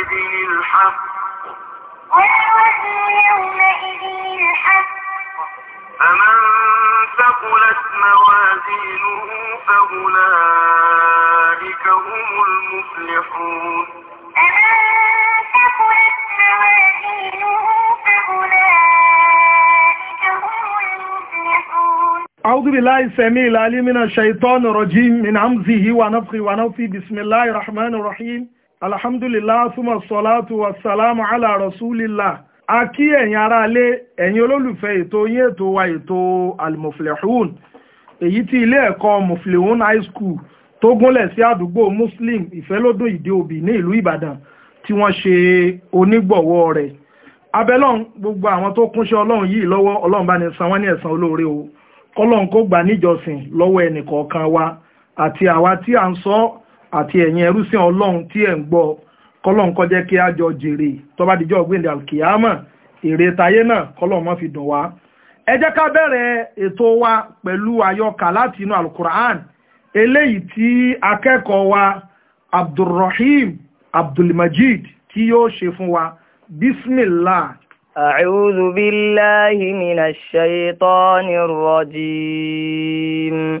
يومئذ الحق والوزن يومئذ الحق فمن ثقلت موازينه فأولئك هم المفلحون فمن ثقلت موازينه فأولئك هم المفلحون أعوذ بالله السميع العليم من الشيطان الرجيم من عمزه ونفخه ونوفي بسم الله الرحمن الرحيم alhamdulillah suma salatu wa salamu ala rasulillah a kí ẹ̀yin aráalé ẹ̀yin olólùfẹ́ ètò yín ètò wa ètò almuflihun èyí tí ilé ẹ̀kọ́ muflihun high school tó gúnlẹ̀ sí àdúgbò muslim ìfẹ́lódún ìdí òbí ní ìlú ìbàdàn tí wọ́n ṣe onígbọ̀wọ́ rẹ̀ abẹ́lọ́n gbogbo àwọn tó kúnṣẹ́ ọlọ́run yìí lọ́wọ́ ọlọ́run bá ní san wọ́n ní ẹ̀san olóore o kọ́lọ́run kó gbà níjọsìn lọ́wọ́ ẹnìkọ̀ọ̀kan wa àti àwa tí à ń sọ ọ́ àti ẹ̀yin ẹrúsìn ọlọ́run tí ẹ̀ ń gbọ́ kọ́lọ́n kó jẹ́ kí a jọ jèrè tó bá dijọ́ gbẹ̀ndẹ̀ alkiyama èrè tayé náà kọ́lọ́n má fi dùn wá. ẹ jẹ́ ká bẹ̀rẹ̀ ètò wa pẹ̀lú àyọkà láti inú alukur'an eléyìí tí akẹ́kọ̀ọ́ wa abdulrahim abdulmajid tí yóò ṣe fún wa bismillah. أعوذ بالله من الشيطان الرجيم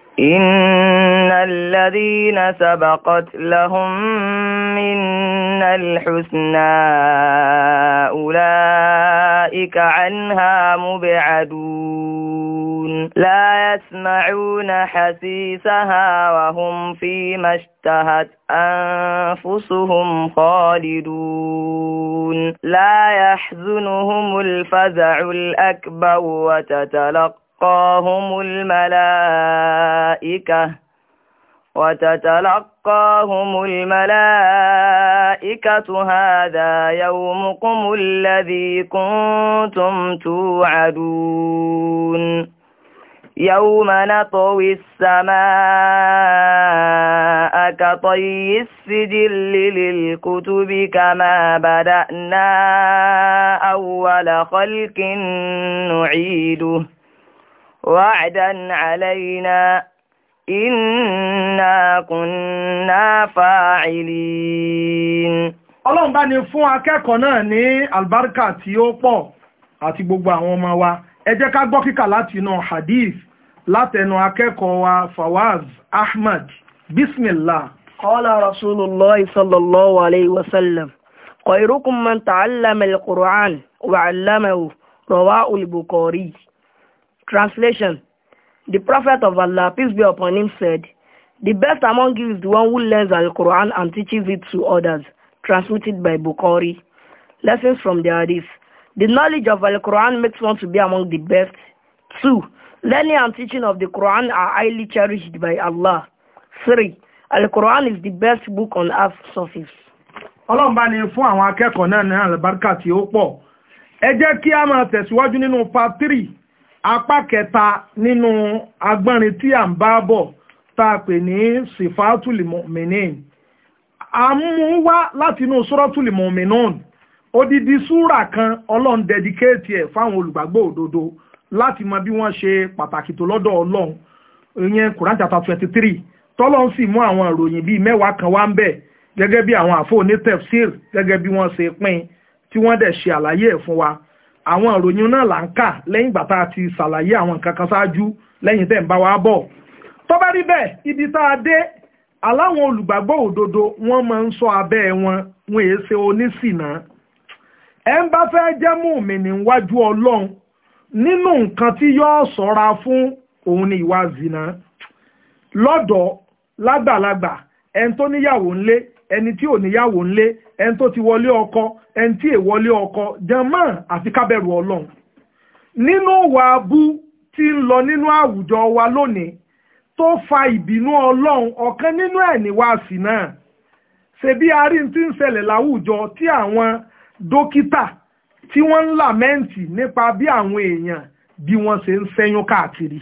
إن الذين سبقت لهم منا الحسنى أولئك عنها مبعدون لا يسمعون حسيسها وهم فيما اشتهت أنفسهم خالدون لا يحزنهم الفزع الأكبر وتتلقى وتتلقاهم الملائكة وتتلقاهم الملائكة هذا يومكم الذي كنتم توعدون يوم نطوي السماء كطي السجل للكتب كما بدأنا أول خلق نعيده وعدا علينا إنا كنا فاعلين ọlọ́run bá ní fún akẹ́kọ̀ọ́ náà ní àlùbáríkà tí ó pọ̀ àti gbogbo àwọn ọmọ wa ẹ jẹ́ ká gbọ́ kíkà láti inú hadith látẹnu akẹ́kọ̀ọ́ wa fawaz ahmad bismillah. qala rasulullah sallallahu alayhi wa sallam khayrukum man ta'allama al-qur'an wa 'allamahu rawahu Translation The Prophet of Allah, peace be upon him, said, The best among you is the one who learns Al-Quran and teaches it to others. Transmitted by Bukhari. Lessons from the Hadith. The knowledge of Al-Quran makes one to be among the best. 2. Learning and teaching of the Quran are highly cherished by Allah. 3. Al-Quran is the best book on earth surface. Ọlọ́run bá fún àwọn akẹ́kọ̀ọ́ náà ní àlùbáríkà tí ó pọ̀. Ẹ jẹ́ kí a máa tẹ̀síwájú nínú part 3 apá kẹta nínú agbọ́nrin tí à ń bá bọ̀ tá a pè ní sifatuli mọ̀mìnín a mú wá láti inú sọ́rọ́tuli mọ̀mìnún odidi súrà kan ọlọ́run dẹ́díkéètì ẹ̀ fáwọn olùgbàgbọ́ òdodo láti mọ bí wọ́n ṣe pàtàkì tó lọ́dọ̀ ọlọ́run ìyẹn Quran chapter twenty three tọ́lọ́run sì mú àwọn ìròyìn bíi mẹ́wàá kan wá ń bẹ̀ gẹ́gẹ́ bí àwọn àfọ̀ onítẹ̀fsíìr gẹ́gẹ́ bí wọ́n ṣe pín tí wọ́n dẹ̀ ṣe àlàyé ẹ̀ fún wa àwọn ìròyìn náà là ń kà lẹ́yìn ìgbà tá a ti ṣàlàyé àwọn nǹkan kan lẹ́yìn tẹ́ ń bá wa bọ̀ tó bá rí bẹ́ẹ̀ ibi tá a dé aláwọn olùgbàgbọ́ òdodo wọ́n máa ń sọ abẹ́ wọn wọn èé ṣe oníṣìnà ẹ ń bá fẹ́ jẹ́ mùmìnì wájú ọlọ́run nínú nǹkan tí yóò ṣọ́ra fún òun ni ìwà zìnà lọ́dọ̀ lágbàlagbà ẹni tó níyàwó ńlé ẹni tí ò níyàwó ńlé ẹni tó ti wọlé ọkọ ẹni tí èwọlé ọkọ jẹmọ́ àfi kábẹ̀rù ọlọ́run nínú wà bú tí ń lọ nínú àwùjọ wa lónìí tó fa ìbínú ọlọ́run ọ̀kan nínú ẹ̀ ní wá sí náà ṣebí arín tí ń ṣẹlẹ̀ láwùjọ tí àwọn dókítà tí wọ́n ń làmẹ́ǹtì nípa bí àwọn èèyàn bí wọ́n ṣe ń ṣẹ́yún káàkiri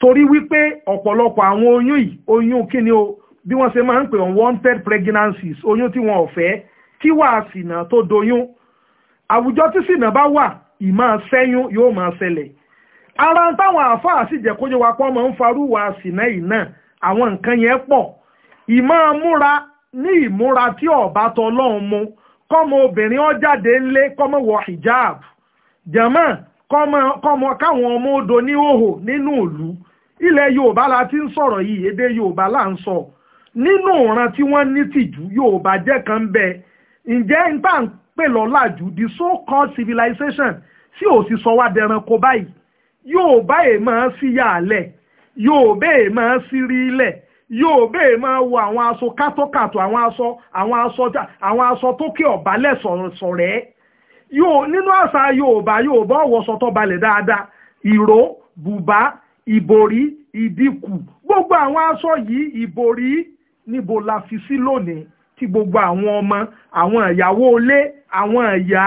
torí wípé ọ̀pọ̀lọpọ̀ àwọn oyún yìí oyún kíni o bí wọ́n ṣe máa ń pè unwanted pregnancies oyún tí wọn ò fẹ́ kí wàá ṣìnà tó doyún àwùjọ tí ṣìnà bá wà ìmọ̀ ṣẹ́yún yóò máa ṣẹlẹ̀ ara táwọn àáfàá sì jẹ́ kójú wa pọ́n máa ń farú wa ṣìnà yìí náà àwọn nǹkan yẹn pọ̀ ìmọ̀ múra ní ìmúra tí ọ̀bá tọlọ́run mu kọ́mọ obìnrin ọ̀jáde ńlé kọ́mọ wọ hijab jẹ̀mọ́ kọ́mọ káwọn ọmọ odò ní hòhò nínú ìlú ilẹ̀ yorùbá la ti ń sọ̀rọ̀ yìí èdè yorùbá là ń sọ̀rọ̀ nínú ìran tí wọ́n ní tìjú yóò bá jẹ́ kan bẹ ǹjẹ́ n bá ń pè lọ́làjú the so called civilization tí ò sì sọ wá dẹranko báyìí yóò bá èèmọ̀ sí yàálẹ̀ yóò bá èèmọ̀ sí rí ilẹ̀ yóò bá èèmọ̀ wo àwọn aṣọ kátókàtó àwọn aṣọ àwọn aṣọ àwọn aṣọ tó kí ọ̀bálẹ̀ sọ̀rẹ́ yóò nínú àṣà Yorùbá Yorùbá ọ̀wọ́sọ tó balẹ̀ dáadáa ìró bùbá ìbòrí ìdíkù gbogbo àwọn aṣọ yìí ìbòrí níbo la fi sí lónìí tí gbogbo àwọn ọmọ àwọn ìyàwó ilé àwọn ìyá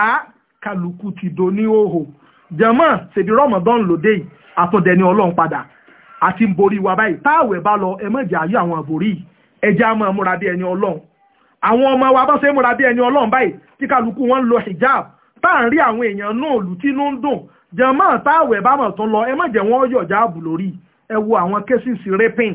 kálukú ti do ní òhò jẹmọ ṣèdí rọmọdán lòdè yìí àtúndẹni Ọlọ́run padà àti ń borí wa báyìí táwẹ̀ bá lọ ẹ mọ̀jà ayé àwọn àbòrí yìí ẹjẹ́ a máa múra bí ẹni Ọlọ́run àwọn ọmọ wa bá ṣe múra bí ẹni Ọlọ́run báyìí tí kálukú wọn ń lo hijab tá à ń rí àwọn èèyàn náà lù tí inú ń dùn jẹmọ táwẹ̀ bá mọ̀ tán lọ ẹ mọ̀jẹ̀ wọn yọ̀jà àbù lórí ẹ wo àwọn kẹ́sìsì rapin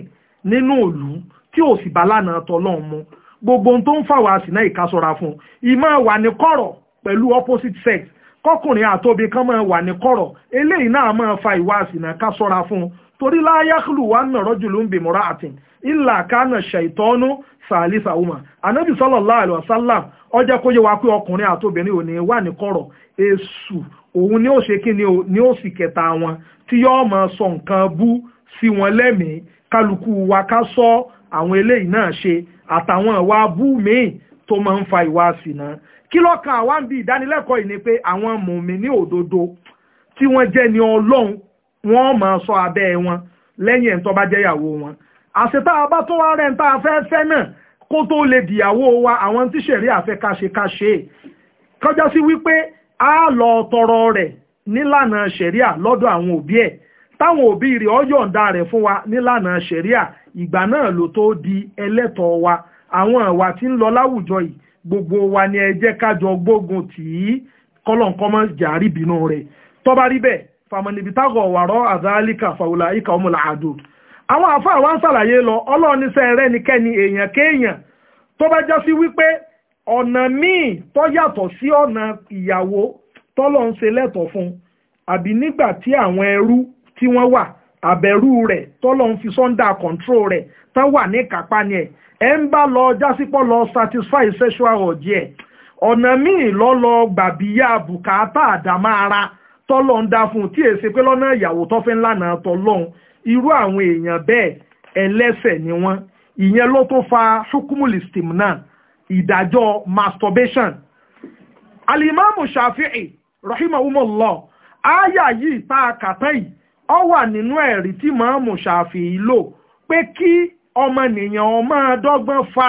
nínú òlù tí ò sì bá lánàá tọ́lọ́run mu gbogbo tó ń fàwọn àsìná ìkásọ́ra fún ìmọ̀ wà ní kọ̀rọ̀ pẹ̀lú opposite sex kọkùnrin àtòbí kan máa wà ní kọ̀rọ̀ eléyìí náà máa fa ìwà àsìná kásọ́ra fún torí láyáhùlù wà náà rọ́jò ló ń bè mọ́ra àtìn ìlà kánà ṣàìtọ́nú sàálìsà ọmọ anábì sallallahu alaihi wasallam ọjọ́ kó yẹ wá pé ọkùnrin àtòbìnrin ò ní wà ní kọ̀rọ̀ èṣù òun ni ó ṣe kí ni ó sì kẹta wọn tí yóò máa sọ nǹkan bú sí wọn lẹ́mìí kálukú wa ká sọ ọ́ àwọn eléyìí náà ṣe àtàwọn ìwà abú míì tó máa ń fa ìwà àsìnà kí lọ́kàn àwa ń bi ìdánilẹ́kọ̀ọ́ yìí ni pé àwọn mùmí ní òdodo tí wọ́n jẹ́ ni ọlọ́run wọ́n máa sọ abẹ́ wọn lẹ́yìn ẹ̀ńtọ́ bá jẹ́yàwó wọn àṣetá abá tó wá rẹ̀ ń tá a fẹ́ fẹ́ náà kó tó lè dìyàwó wa àwọn tí ṣẹ̀rí àfẹ́ káṣekáṣe kọjá sí wípé a lọ tọrọ rẹ̀ nílànà ṣẹ̀ríà lọ́dọ̀ àwọn òbí ẹ̀ táwọn òbí rẹ̀ ọ̀yọ̀ǹda rẹ̀ fún wa nílànà ṣẹ̀ríà ìgbà náà ló tó di ẹlẹ́tọ̀ọ́ wa àwọn àwa tí ń lọ láwùjọ yìí gbogbo wa ni ẹ jẹ́ ká jọ gbógun tì í kọ́lọ̀nkọ́mọ́ jàrí bínú rẹ̀ tọ́ba bá rí bẹ́ẹ̀ tágọ̀ wàrọ̀ àzálíkà fàwùlà ìkà ọmọlà àdó àwọn àfáà wa ń ṣàlàyé lọ ọlọ́ọ̀nisẹ́ rẹ̀ nìkẹ́ni èèyàn kéèyàn tó bá wípé ọ̀nà míì tó yàtọ̀ nígbà tí àwọn ẹrú tí wọ́n wà àbẹ̀rù rẹ̀ tọ́lọ́run fi sọ́ńdà control rẹ̀ tán wà ní kápá ni ẹ̀ ẹ̀ ń bá lọ jásípọ̀ lọ satisfy sexual urge ẹ̀ ọ̀nà míì lọ́lọ́ bùkátà ara dá fún un tí èsì pé lọ́nà ìyàwó tó fi ń lànà irú àwọn èèyàn bẹ́ẹ̀ ẹlẹ́sẹ̀ ni wọ́n ìyẹn ló tó fa náà ìdájọ́ masturbation alimamu shafi'i ọ wà nínú ẹ̀rí tí màámù ṣàfihì lò pé kí ọmọnìyàn ó máa fa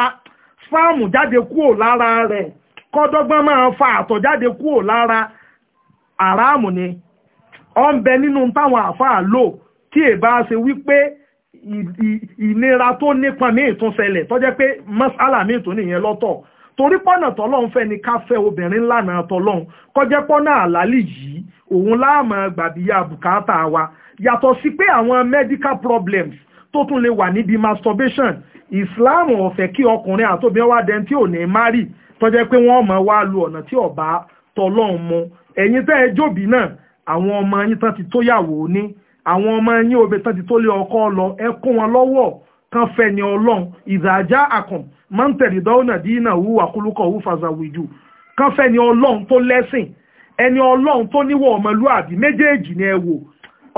spáàmù jáde kúrò lára rẹ̀ kó dọ́gbọ́n máa fa àtọ̀ jáde kúrò lára àràmù ni ọ ń bẹ nínú táwọn àfáà lò tí èbá ṣe wípé ìnira tó nípa míì tún ṣẹlẹ̀ tó jẹ́ pé mọ́sálà míì tó nìyẹn lọ́tọ̀ torí pọ́nà tọ́lọ́hún fẹ́ ni ká fẹ́ obìnrin lánàá tọ́lọ́hún kọjẹ́ pọ́nà àlálì yìí òun láàmú gbàbíyá bùkátà wa yàtọ̀ sí pé àwọn medical problems tó tún lè wà níbi masturbation Islam ò fẹ́ kí ọkùnrin àtòbí wá dẹni tí ò ní márì tó jẹ́ pé wọ́n mọ̀ wá lu ọ̀nà tí ọ̀bá tọlọ́hún mu ẹ̀yin tẹ́ ẹ jòbí náà àwọn ọmọ yín tán ti tó yàwó ní àwọn ọmọ yín òbí tán ti tó lé ọkọ lọ ẹ kún wọn lọ́wọ́ kan fẹ́ ni ọlọ́run ìdájá àkàn máa ń tẹ̀lé dọ́wọ́nà dínà wú àkúlùkọ̀ wú kan fẹ́ ni ọlọ́run tó lẹ́sìn ẹni ọlọ́run tó níwọ̀ ọmọlúàbí méjèèjì ni ẹ wò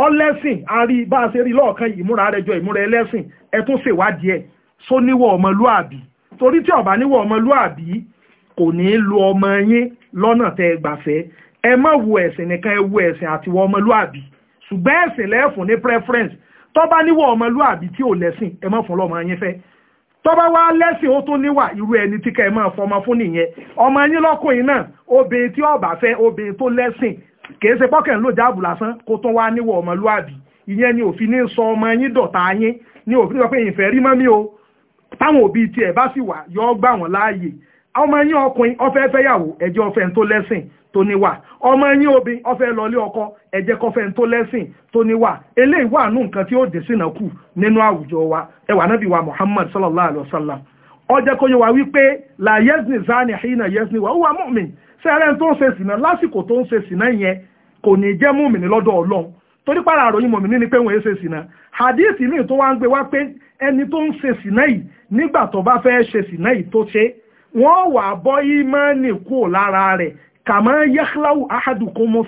ọlẹ́sìn àrí bá a ṣe rí lọ́ọ̀kan yìí múra rẹ̀ jọ ìmúra ẹlẹ́sìn ẹ tún ṣèwádìí ẹ̀ só níwọ̀ ọmọlúàbí torí tí ọba níwọ̀ ọmọlúàbí kò ní í lo ọmọ yín lọ́nà tẹ́ ẹ gbàfẹ́ ẹ má wo ẹ̀sìn nìkan ẹ wo ẹ̀sìn àtiwọ́ ọmọlúàbí ṣùgbọ́n ẹ̀sìn lẹ́ẹ̀fún ní preference tọ́ba níwọ̀ ọmọlúàbí tí ò lẹ́sìn ẹ má fún lọ́mọ yín fẹ́ tọ́ba wá lẹ́sìn ó tó níwà irú ẹni tí ká ẹ máa fọmọ fún nìyẹn ọmọ yín lọ́kùnrin náà obìnrin tí ọba fẹ́ obìnrin tó lẹ́sìn kìí ṣe pọ́kẹ̀ ń lò jáàbù lásán kó tó wá níwọ̀ ọmọlúàbí ìyẹn ni òfin ní sọ ọmọ yín dọ̀tá yín ní òfin sọ pé ìfẹ́ rí mọ́mí o táwọn òbí tiẹ̀ bá sì wà yọ gbà wọ́n láàyè ọmọ yín ọkùnrin ọfẹ́ fẹ́yàwó ẹjẹ́ ọfẹ́ ń tó lẹ́sìn tó níwà ọmọ yín obìn ọfẹ́ lọlé ọkọ ẹjẹ́ kọfẹ́ ń tó lẹ́sìn tó níwà eléyìí wà nù nǹkan tí ó dé sínà kù nínú àwùjọ wa ẹwà nábì wa Muhammad sallallahu alayhi wa sallam ó jẹ́ kó yé wa wípé la yẹ́sìn zani hina yẹ́sìn wa huwa mu'min ṣé ẹ̀rẹ́ tó ń ṣe sìnà lásìkò tó ń ṣe sìnà yẹn kò ní jẹ́ mùmìnì lọ́dọ̀ ọlọ́run torí pàrọ̀ àròyìn mùmìnì ni pé wọ́n ṣe sìnà hadithi míì tó wá ń gbé wá pé ẹni tó ń ṣe sìnà yìí nígbà tó bá fẹ́ ṣe sìnà yìí tó ṣe wọ́n wà bọ́ ìmọ̀ọ́nì kúrò lára rẹ̀ kàmọ́ yẹ́kláwù ahadùkúnmọ́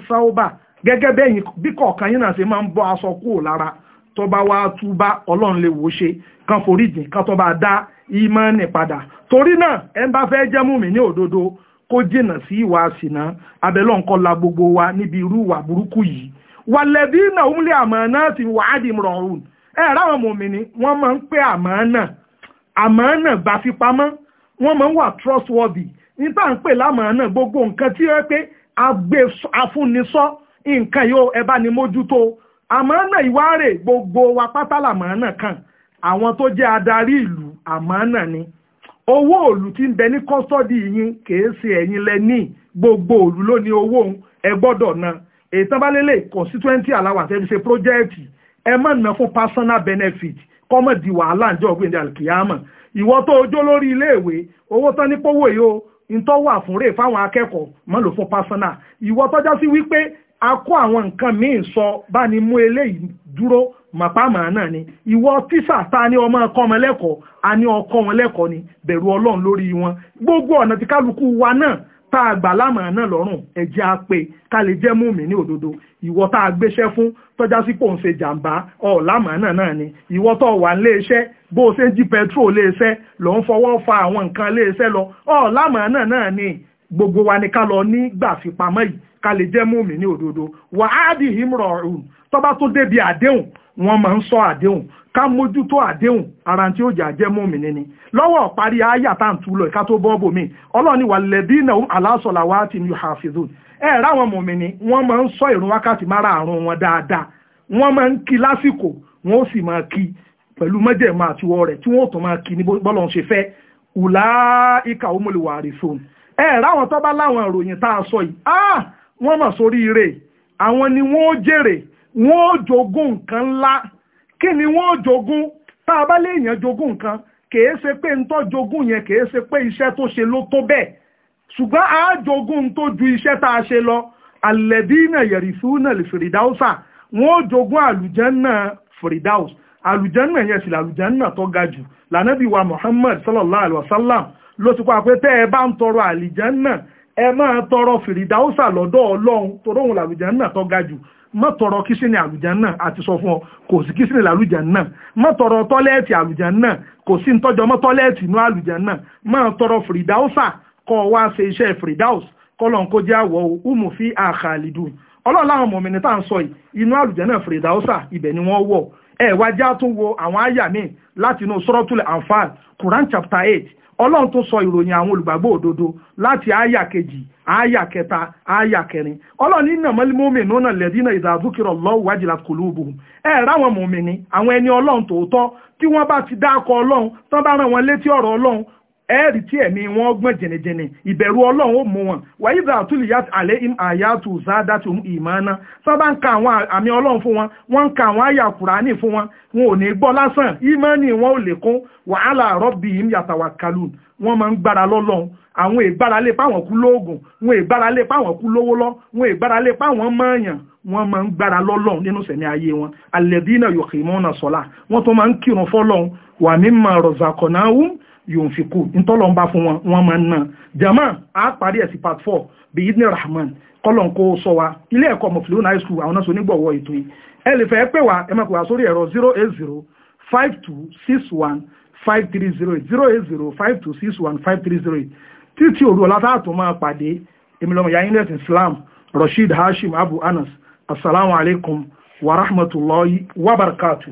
gẹ́gẹ́ bẹ́yìn bí kọ̀ọ̀kan yìí náà ṣe máa ń bọ́ aṣọ kúrò lára tó bá wá túbá ọlọ́run lè wò ṣe kan foríjì kan tó bá dá ìmánì padà torí náà ẹ ń bá fẹ́ jẹ́ mùmí ní òdodo kó jìnnà sí ìwà àsìná abẹ́lọ́nkọ́ la gbogbo wa níbi irú ìwà burúkú yìí wàlẹ́bí náà ń lé àmọ́ náà ti wàádìí mìíràn ẹ ráwọn mòmìnì wọ́n máa ń pé àmánà àmánà gbà fi pamọ́ wọ́n máa ń wà trustworthy nígbà ń pè lámánà gbogbo nǹkan tí wọ́n pé afúnisọ́ nǹkan yóò ẹ bá ní mójútó àmọ́nà ìwárè gbogbo wa pátálà mọ́nà kan àwọn tó jẹ́ adarí ìlú àmọ́nà ni owó òòlù tí ń bẹ ní kọ́sọ́dì yín kìí ṣe ẹ̀yin lẹ́ní gbogbo òòlù ló ní owó ẹ gbọ́dọ̀ na èyí tán bá lélẹ̀ constituency allowance ṣe project ẹ má ná fún personal benefit kọ́mọ̀ di wàhálà ǹjọ́ ọ̀gbìn ìdí àlùkìyàmọ̀ ìwọ́ tó ojó lórí iléèwé owó tán ní pówó yìí o ń tọ́ wà fún rè fáwọn akẹ́kọ̀ọ́ mọ́ lò fún personal ìwọ́ tọ́já sí wípé a kó àwọn nǹkan míì sọ bá ní mú eléyìí dúró màpámà náà ni ìwọ tíṣà ta ni ọmọ ọkọ wọn lẹ́kọ̀ọ́ a ní ọkọ wọn lẹ́kọ̀ọ́ ni bẹ̀rù Ọlọ́run lórí wọn gbogbo ọ̀nà tí kálukú wa náà tá a gbà lámà náà lọ́rùn ẹ̀jẹ̀ á pé ká lè jẹ́ mú mi ní òdodo ìwọ tá a gbéṣẹ́ fún tọ́já sí pò ń ṣe jàǹbá ọ̀ lámà náà náà ni ìwọ tó wà ń léeṣẹ́ bó o ṣe ń jí pẹtrol léeṣẹ́ lọ́ ń fọwọ́ fa àwọn nǹkan léeṣẹ́ lọ ọ̀ lámà náà náà ni gbogbo wa ni ká lọ ní gbà fipamọ́ yìí ká lè jẹ́ mú mi ní òdodo wà á dì him rọrùn tọ́ba tó débi àdéhùn wọ́n máa ń sọ àdéhùn ká mójútó àdéhùn ara tí ó jà jẹ́ mú mi níní lọ́wọ́ parí ayà ìka tó ọlọ́ọ̀ni ẹ ni wọn máa ń sọ ìrun wákàtí mára àrùn wọn dáadáa wọn máa ń kí lásìkò wọ́n ó sì máa kí pẹ̀lú mẹ́jẹ̀mú àtiwọ́ rẹ̀ tí tún máa kí ní bọ́lọ̀ ń ṣe ẹ bá láwọn ìròyìn tá a sọ yìí ah! wọ́n mà sórí ire àwọn ni wọ́n ó jèrè wọ́n ó jogún nǹkan ńlá kí ni wọ́n ó jogún tá a bá léèyàn jogún nǹkan kèé ṣe pé ń jogún yẹn kèé ṣe pé iṣẹ́ tó ṣe ló tó bẹ́ẹ̀ ṣùgbọ́n a jogún tó ju iṣẹ́ tá a ṣe lọ alẹ́dínà yẹ̀rìfúnà fìrìdáùsà wọ́n ó jogún àlùjẹ́nà fìrìdáùs àlùjẹ́nà yẹn sì làlùjẹ́nà tó ga jù lànàbí wa Muhammad sallallahu alayhi wa sallam ló ti pa pé tẹ́ ẹ bá ń tọrọ àlùjẹ́nà ẹ máa tọrọ fìrìdáúsà lọ́dọ̀ ọlọ́run torí òun làlùjánnà tó ga jù má tọrọ kíṣìnì àlùjánnà àti sọ fún ọ kò sí kíṣìnì làlùjánnà má tọrọ tọ́lẹ́ẹ̀tì àlùjánnà kò sí ntọ́jọ́ mọ́ tọ́lẹ́ẹ̀tì inú àlùjánnà má tọrọ fìrìdáúsà kọ́ wá ṣe iṣẹ́ fìrìdáúsà kọ́lọ́n kó jẹ́ àwọ̀ umu fi àkàlìdùn ọlọ́run láwọn mọ̀mìnì tá à ń sọ yìí inú àlùjànnà fèrèdáọ́sà ibẹ̀ ni wọ́n wọ̀ ẹ̀ wá já tún wo àwọn àyà míì láti inú suratul Anfal Quran chapter eight ọlọ́run tó sọ ìròyìn àwọn olùgbàgbọ́ òdodo láti àyà kejì àyà kẹta àyà kẹrin ọlọ́run nínú mọ́límọ́mì nínú lẹ́dínà ìdàdúkìrọ̀ lọ́wọ́ wájìlá kòlóòbù ẹ̀ ráwọn mọ̀mìnì àwọn ẹni ọlọ́run tòótọ́ tí wọ́n bá ti dákọ̀ ọlọ́run tán bá rán wọn létí ọ̀rọ̀ ọlọ́run ẹ̀rí tí ẹ̀mí wọn gbọ́n jẹ̀nẹ̀jẹ̀nẹ̀ ìbẹ̀rù ọlọ́run ó mú wọn wàyí bá àtúlì yá àlẹ́ àyàtù zádàtù ìmọ̀ọ́nà sábà ń ka àwọn àmì ọlọ́run fún wọn wọ́n ń ka àwọn àyà kùránì fún wọn wọn ò ní gbọ́ lásán ìmọ̀ọ́nì wọn ò lè kún wàhálà rọ́bì yìí yàtàwà kálù wọ́n máa ń gbára lọ́lọ́run àwọn ìgbáralé páwọn kú lóògùn wọn ìgbáralé páwọn kú lówó lọ wọn ìgbáralé páwọn mọ̀ọ́yàn wọ́n máa ń gbára lọ́lọ́run nínú sẹ̀mí ayé wọn alẹ́dínà yòókì mọ́nà sọ́lá wọ́n tó máa ń kírun fọ́lọ́run wà mímọ̀ rọ̀zàkọ̀náwó yóò fi kú ntọ́lọ̀ ń bá fún wọn wọn máa ń jama a parí ẹ̀ sí part four bíi idina rahman kọ́lọ̀n kó sọ wa ilé ẹ̀kọ́ mọ̀fìlónà high school àwọn náà sọ onígbọ̀wọ́ ètò yìí ẹ lè fẹ́ pè wá ẹ máa pè wá sórí ẹ̀rọ zero eight zero five two six one five three zero eight zero eight zero five two six one five three zero eight títí òru ọ̀la tá a tún máa pàdé èmi lọ́mọ yàrá ilẹ̀ islam rasheed hashim abu anas asalaamualeykum wa rahmatulahi wa barakatu.